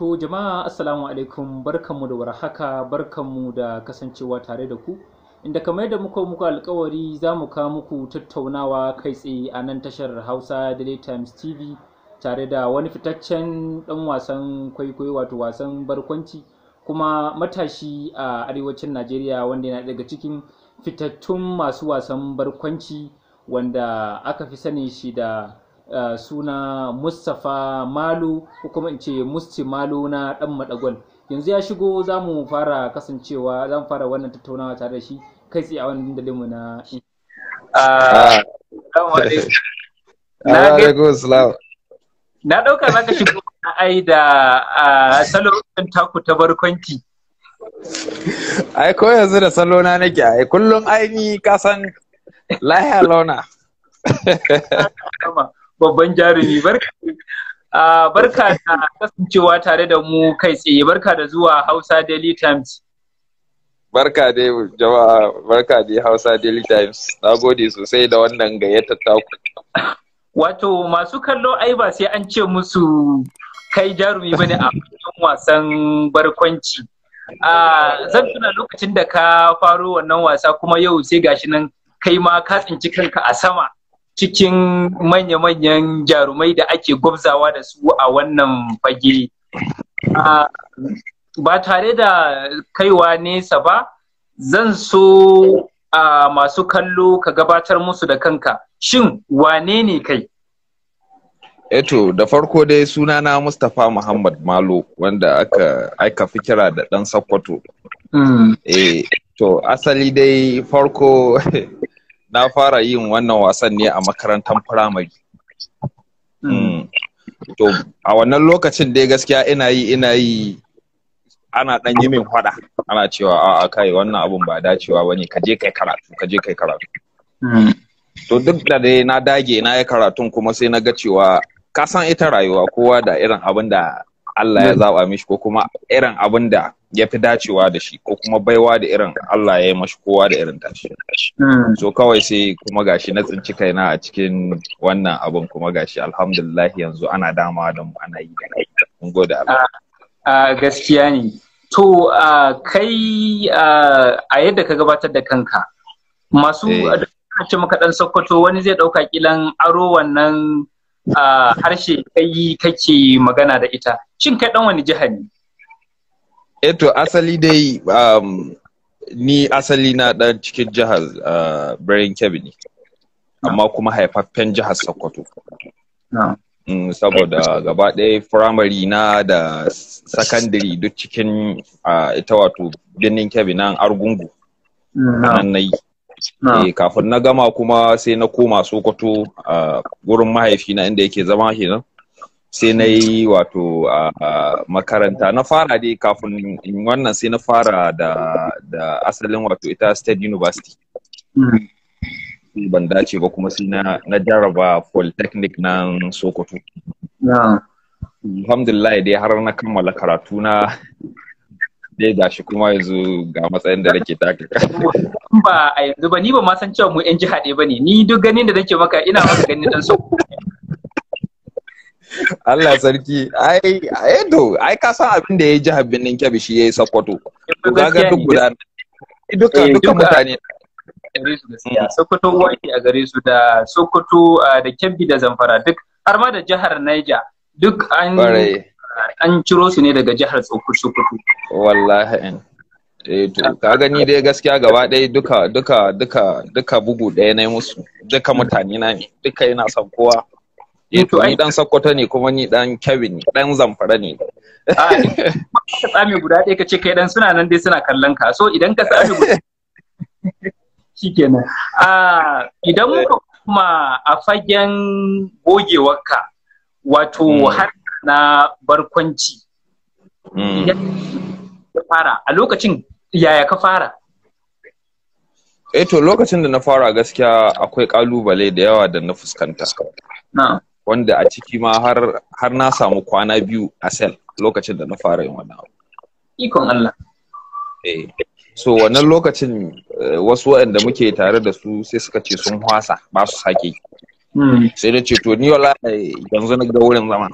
To jama'a assalamu alaikum barkanmu da warhaka barkanmu da kasancewa tare da ku inda kamar yadda muka muku alkawari za mu kawo muku tattaunawa kai tsaye a nan tashar Hausa Daily Times TV tare da wani fitaccen ɗan wasan kwaikwayo wato wasan barkwanci kuma matashi a arewacin Najeriya wanda yana daga cikin fitattun masu wasan barkwanci wanda aka fi sanin shi da Eh, suna Mustapha Malu ko kuma in ce Musti Malu na ɗan Madagwal yanzu ya shigo za mu fara kasancewa za mu fara wannan tattaunawa tare da shi kai tsaye a wannan dandalinmu na ah, ah. Na ɗauka za ka shigo ai da ah, salo ɗin taku ta barkwanki. Ai ko yanzu da salo na nake ai kullum ai ni ka san lahiya launa. babban jarumi barka da kasancewa tare da mu kai tsaye barka da zuwa hausa daily times barka dai jama'a barka da hausa daily times na gode sosai da wannan gayyatar taku wato masu kallo ai ba sai an ce musu kai jarumi bane a wasan barkwanci zan tuna lokacin da ka faro wannan wasa kuma yau sai gashi nan kai ma ka tsinci kanka a sama cikin manya-manyan jarumai da ake gwabzawa da su a wannan fage. Ba tare da kaiwa nesa ba, zan so a masu kallo ka gabatar musu da kanka. Shin wane ne kai? Eto, eh da farko dai suna na Mustapha Muhammad Malo wanda aka, fi kira da ɗan Sokoto. Mm. Eh, to, asali dai farko na fara yin wannan wasan ne a makarantar firamare hmm. Hmm. to a wannan lokacin dai gaskiya ina yi ina yi ana dan yi min faɗa. ana cewa a kai wannan abun ba dacewa bane ka je kai karatu ka je kai karatu hmm. to duk da dai na dage na yi karatun kuma sai na ga cewa ka san ita rayuwa kowa da irin abin da Allah ya zaɓa mishi ko kuma irin abin da ya fi dacewa da shi ko kuma baiwa da irin Allah ya yi mashi kowa da irin tashi. Hmm. So kawai sai kuma gashi na tsinci kaina a cikin wannan abin kuma gashi alhamdulillah yanzu ana dama da mu ana yi da A ah, ah, gaskiya ne. To ah, kai a yadda ka gabatar da kanka masu eh. ce maka dan Sokoto wani zai ɗauka kilan aro wannan harshe kai kake magana da ita. Shin kai ɗan wani jiha ne? Eto eh, asali dai um, ni asali na ɗan cikin jihar uh, Birnin Kebbi ne, amma kuma haifaffen jihar Sokoto. Mm, saboda gaba ɗaya firamare na da sakandare duk cikin uh, ita wato birnin Kebbi nan Argungu. Nan na yi. E, kafin na gama kuma sai na koma Sokoto a uh, mahaifina inda yake zama kenan. sai na yi wato a makaranta na fara dai kafin in wannan sai na fara da, da asalin wato ita state university mm. ban dace ba kuma sai na, jaraba polytechnic na sokoto alhamdulillah dai har na kammala karatu na dai gashi kuma yanzu ga matsayin da nake take ba a yanzu ba ni ba ma san cewa mu yan jiha ɗaya ba ne ni duk ganin da nake maka ina maka ganin dan sokoto Allah sarki ai ai to ai ka san abin da ya ji habbin ninke bi shi yayi Sokoto to ga duk guda eh, eh, duka duka mutane Sokoto wani a gare su da Sokoto ah, da Kebbi da Zamfara duk har ma da jihar Niger duk an an ciro su ne daga jihar Sokoto wallahi eh to ah. ka gani dai gaskiya gaba ɗaya duka duka duka duka bugu ɗaya na musu duka mutane na ne duka yana son kowa eh to ni dan sakkwato ne kuma ni dan Kevin, ne dan zamfara ne ka tsame guda ɗaya ka ce kai dan suna nan dai suna kallon ka so idan ka tsame guda shikenan ah, idan eh. muka kuma a fagen ka wato hmm. har na barkwanci ya hmm. fara a lokacin yaya ka fara eh to lokacin da na fara gaskiya akwai kalubale da yawa da na fuskanta wanda a ciki ma har, na samu kwana biyu a sel lokacin da na fara yin wannan abu ikon Allah eh so wannan lokacin eh, wasu waɗanda muke tare da su sai suka ce sun hwasa ba su sake hmm. sai da ce to ni wala yanzu na ga wurin zama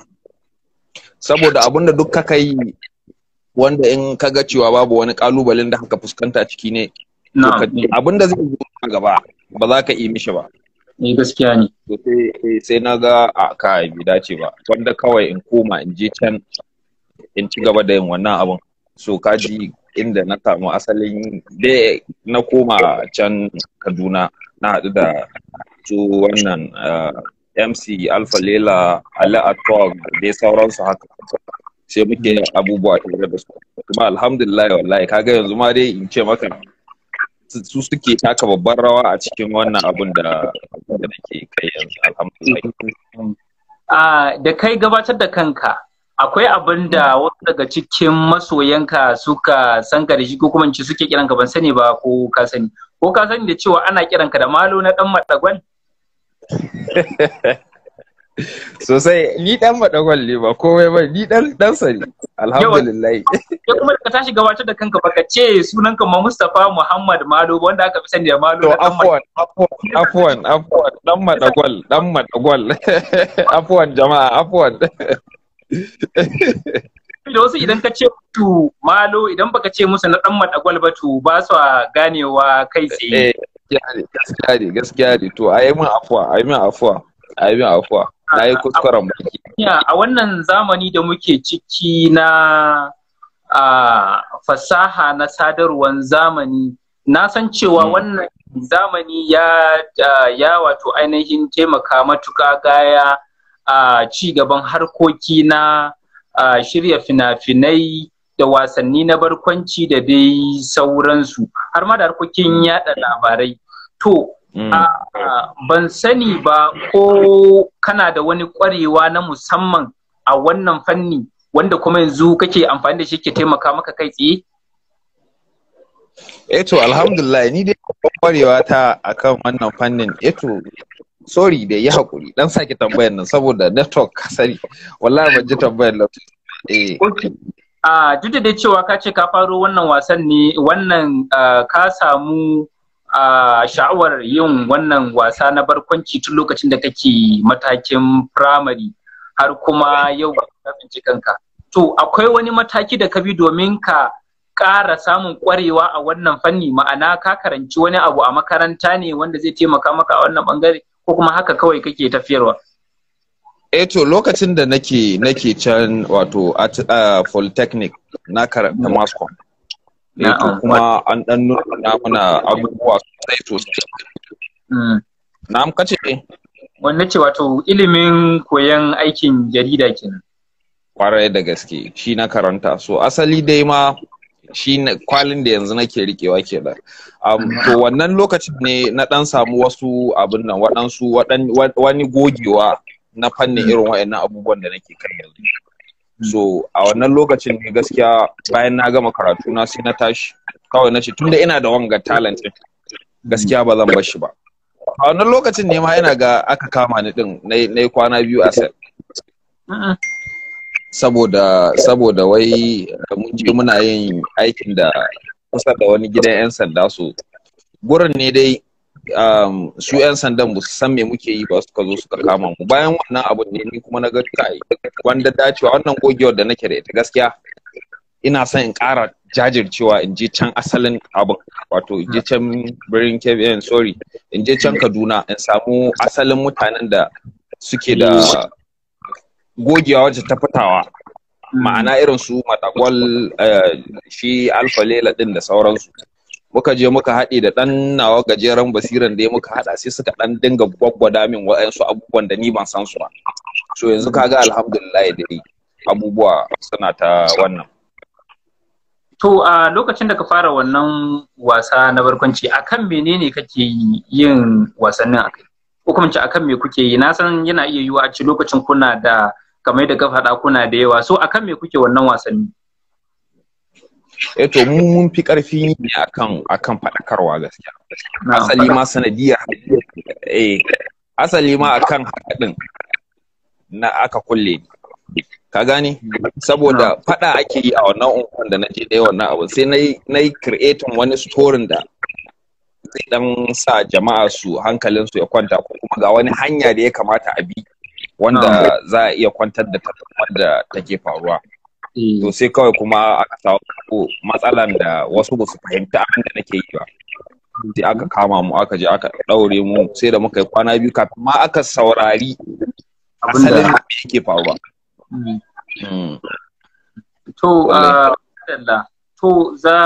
saboda da duk ka yi wanda in ka ga cewa babu wani kalubalen da haka fuskanta ciki ne Abin da zai zo gaba ba za ka yi mishi ba ni gaskiya ne eh, eh, sai na ga a ka bai dace ba wanda kawai in koma in je can in ci gaba da yin wannan abun so kaji inda na samu asalin da na koma can kaduna na haɗu da su wannan eh, mc alfa lela ali atog dai sauransu haka sai muke abubuwa tare da su kuma alhamdulillah wallahi kaga yanzu ma dai in ce maka su suke taka babban rawa a cikin wannan abun da nake kai yanzu alhamdulillah da kai gabatar da kanka akwai abin da wasu daga cikin masoyanka suka san ka da shi ko kuma in ce suke kiranka ban sani ba ko ka sani ko ka sani da cewa ana kiranka da malo na dan madagwal sosai ni dan madagwal ne ba komai ba ni dan dan sani alhamdulillah ya kuma ka tashi gabatar da kanka baka ce sunanka ma Mustafa Muhammad Malo ba wanda aka fi sani da Malo to afwan afwan afwan dan madagwal dan madagwal afwan jama'a afwan da wasu idan ka ce tu malo idan baka ce musu na dan madagwal ba to ba su ganewa kai tsaye eh, gaskiya ne gaskiya ne to a yi min afuwa a yi min afuwa abin afuwa na yi kuskuren baki a wannan zamani da muke ciki na a fasaha na sadarwar zamani na san cewa hmm. wannan zamani ya ya wato ainihin taimaka matuka gaya a ci gaban harkoki na shirya fina-finai da wasanni na barkwanci da dai sauransu har ma da harkokin yada labarai to Mm. Ah, ban sani ba ko kana da wani ƙwarewa na musamman a wannan fanni wanda kuma yanzu kake amfani da shi ke taimaka maka kai tsaye? Eto, eh alhamdulillah, ni dai ƙwarewa ta akan wannan fannin. Eto, eh sorry da ya haƙuri, ɗan sake tambayar nan saboda network kasari. Wallahi ban ji tambayar nan. Eh. Ah, duk da cewa ka ce ka faro wannan wasan ne, wannan ah, ka samu A sha'awar yin wannan wasa na barkwanci tun lokacin da kake matakin firamare har kuma yau ka binci kanka. To akwai wani mataki da ka bi domin ka ƙara samun ƙwarewa a wannan fanni ma'ana ka karanci wani abu a makaranta ne wanda zai taimaka maka a wannan bangare ko kuma haka kawai kake tafiyarwa. eh to lokacin da nake nake can wato at uh, polytechnic na karanta mascom kuma an dan nuna mana abubuwa sosai sosai hmm. na'am kace wanda ce wato ilimin koyon aikin jarida kenan kwarai da gaske shi na karanta so asali dai ma shi kwalin da yanzu nake rikewa ke da to wannan lokacin ne na dan samu wasu abin nan waɗansu wani gogewa na fannin hmm. irin waɗannan abubuwan da nake kai yanzu so a wannan lokacin ne gaskiya bayan na gama karatu na sai na tashi kawai na ce tunda ina da wanga talent gaskiya ba zan bar shi ba a wannan lokacin ne ma yana ga aka kama ni din na yi kwana biyu a sel saboda saboda wai mun je muna yin aikin da kusa da wani gidan yan sanda so gurin ne dai Um, su 'yan sandan ba san me muke yi ba su ka zo su ka kama mu bayan wannan abun ne ni kuma na ga kai wanda dacewa wannan gogewar da nake da ita gaskiya ina son in kara jajircewa in je can asalin abin wato in je can birnin kebbi eh, sorry in je can kaduna in samu asalin mutanen da suke da gogewa wacce ta fitawa ma'ana irin su matagwal eh, shi alfa lela din da sauransu muka je muka haɗe da ɗan nawa gajeren basiran da ya muka haɗa sai suka ɗan dinga gwaggwada min waɗansu abubuwan da ni ban san su ba so yanzu ka ga alhamdulillah dai abubuwa suna ta wannan to a lokacin da ka fara wannan wasa na barkwanci akan menene kake yin wasannin kai? ko kuma a akan me kuke yi na san yana iya yiwa a ci lokacin kuna da kamar da ka kuna da yawa so akan me kuke wannan wasanni eto eh to mu mun fi karfi ne akan akan fadakarwa gaskiya asali ma sanadiyar eh asali ma akan haka na aka kulle ka gane saboda fada ake yi a wannan unguwan da naje dai wannan abu sai na yi creating wani storin da zai dan sa jama'a su hankalin su ya kwanta ko kuma ga wani hanya da ya kamata a bi wanda za a iya kwantar da ta take faruwa Eh. to sai kawai kuma aka samu matsalan da wasu ba su fahimta abin da nake yi ba sai aka kama mu aka je aka daure mu sai da muka yi kwana biyu kafin ma aka saurari asalin da yake faruwa mm. Mm. to ah, to za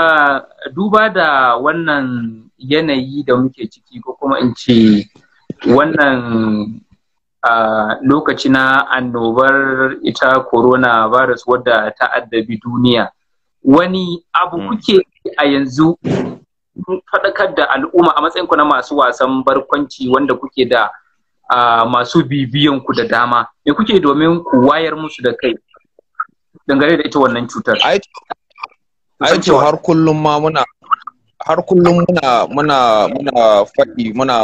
duba da wannan yanayi da muke ciki ko kuma in ce wannan a lokaci na annobar ita coronavirus wadda ta addabi duniya wani abu hmm. kuke a yanzu faɗakar da al'umma a matsayinku na masu wasan barkwanci wanda kuke da masu bibiyan ku da dama me kuke domin ku wayar musu da kai dangane da ita wannan cutar ai har kullum ma muna har kullum muna muna muna faɗi muna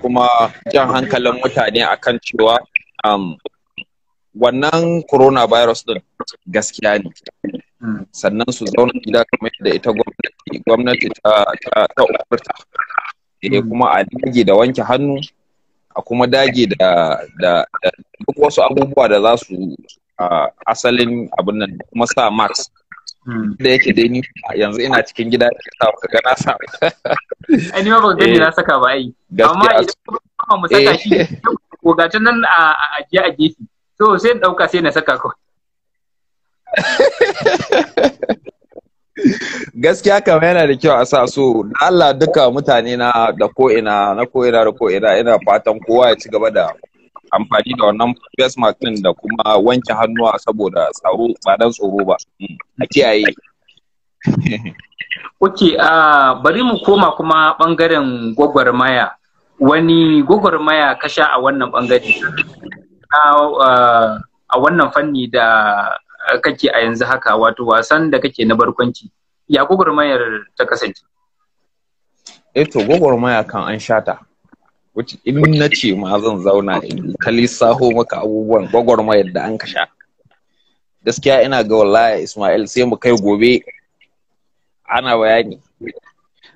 kuma jan hankalin mutane akan cewa um, wannan coronavirus din gaskiya ne hmm. sannan su zauna gida kamar da ita gwamnati gwamnati ta ta, ta umarta eh hmm. kuma a dage da wanke hannu a kuma dage da da duk wasu abubuwa da za su asalin abin nan kuma sa mask Hmm. da yake dai ni yanzu ina cikin gida da sa ka ga na sa ai ni ma ba ni eh, na saka ba ai amma idan ba mu saka shi ko eh. gatan nan a a ji a gefe so sai in dauka sai na saka ko gaskiya kama yana da kyau a sa so da Allah duka mutane na da ko ina na ko ina da ko ina ina fatan kowa ya ci gaba da amfani da wannan face mask din da kuma wanke hannuwa saboda tsaro ba dan tsoro ba hmm, a kiyaye Ok, uh, bari mu koma kuma bangaren gwagwarmaya. Wani gwagwarmaya ka sha a wannan bangare? A wannan fanni da kake a yanzu haka wato wasan da kake na barkwanci. Ya gwagwarmayar ta kasance? Eto, eh gwagwarmaya kan an shata. which in na ce ma zan zauna in ka saho maka abubuwan gwagwarmayar da an ka sha gaskiya ina ga wallahi Ismail sai mu kai gobe ana bayani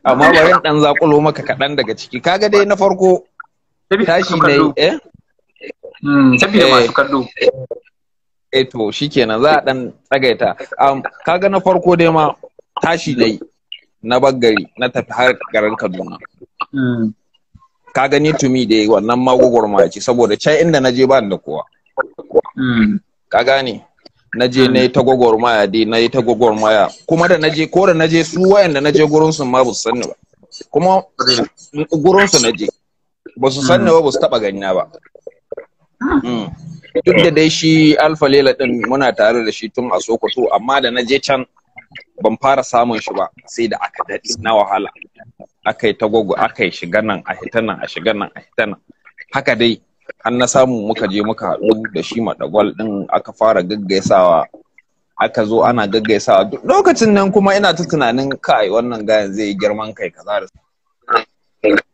amma bari dan zakulo maka kaɗan daga ciki kaga dai na farko tashi na yi. Eh? Hmm, saboda eh. masu kallo eh to kenan za a dan tsagaita um, kaga na farko dai ma tashi na yi. na baggari na tafi har garin Kaduna hmm. ka gani to me dai wannan ma ce saboda can inda na je ba da kowa mm. ka gane na je na yi ta maya dai na yi ta gwagwarmaya kuma da na je ko da na je su wayan da na je gurin su ma ba su sanni ba kuma gurin su na je ba su sanni ba ba su taba ganina ba mm. duk da dai shi alfa lela din muna tare da shi tun a sokoto amma da na je can ban fara samun shi ba sai da aka daɗi na wahala aka yi tagogo aka yi shiga nan a hita nan a shiga nan a hita nan haka dai an na samu muka je muka haɗu da shi maɗagwal ɗin aka fara gaggaisawa aka zo ana gaggaisawa duk lokacin nan kuma ina ta tunanin kai wannan gayan zai yi girman kai kaza da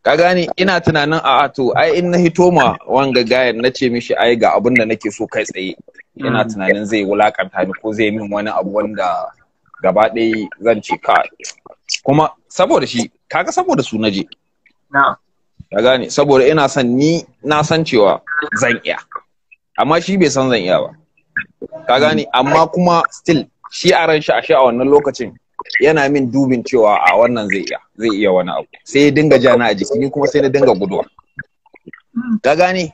ka gane ina tunanin a to ai in na hito ma wanga gayan na ce mishi ai ga abin da nake so kai tsaye ina tunanin zai wulakanta ni ko zai min wani abu wanda gaba ɗaya zan ce ka kuma saboda shi kaga saboda su naje na ka gane saboda ina son ni na san cewa zan iya amma shi bai san zan iya ba ka gane amma kuma still shi a ran shi a a wannan lokacin yana min dubin cewa a wannan zai iya zai iya wani abu sai ya dinga jana a jiki ni kuma sai na dinga guduwa ka gane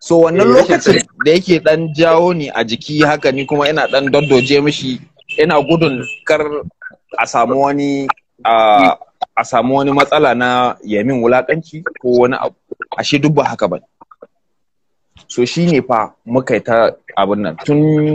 so wannan eh, lokacin da yake dan jawo ni a jiki haka ni kuma ina dan daddoje mishi ina gudun kar a samu wani a samu wani matsala na yamin wulakanci ko wani abu A duk ba haka ba so shi ne fa muka yi ta abin nan tun